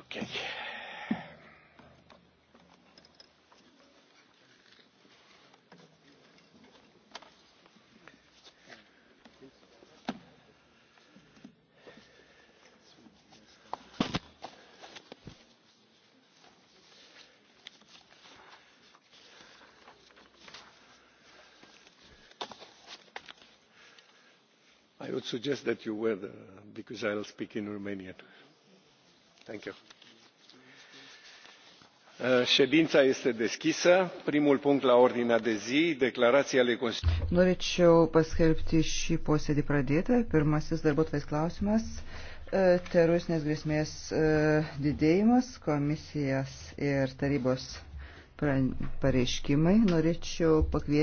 Okay. i would suggest that you were there uh, because i will speak in romanian. Thank you. Uh, ședința este deschisă. Primul punct la ordinea de zi, declarații ale Consiliului. Norėčiau paskelbti šį posėdį pradėtą. Pirmasis darbuotojas klausimas uh, - teroristinės grėsmės uh, didėjimas, komisijas ir tarybos pareiškimai. Norėčiau pakviesti.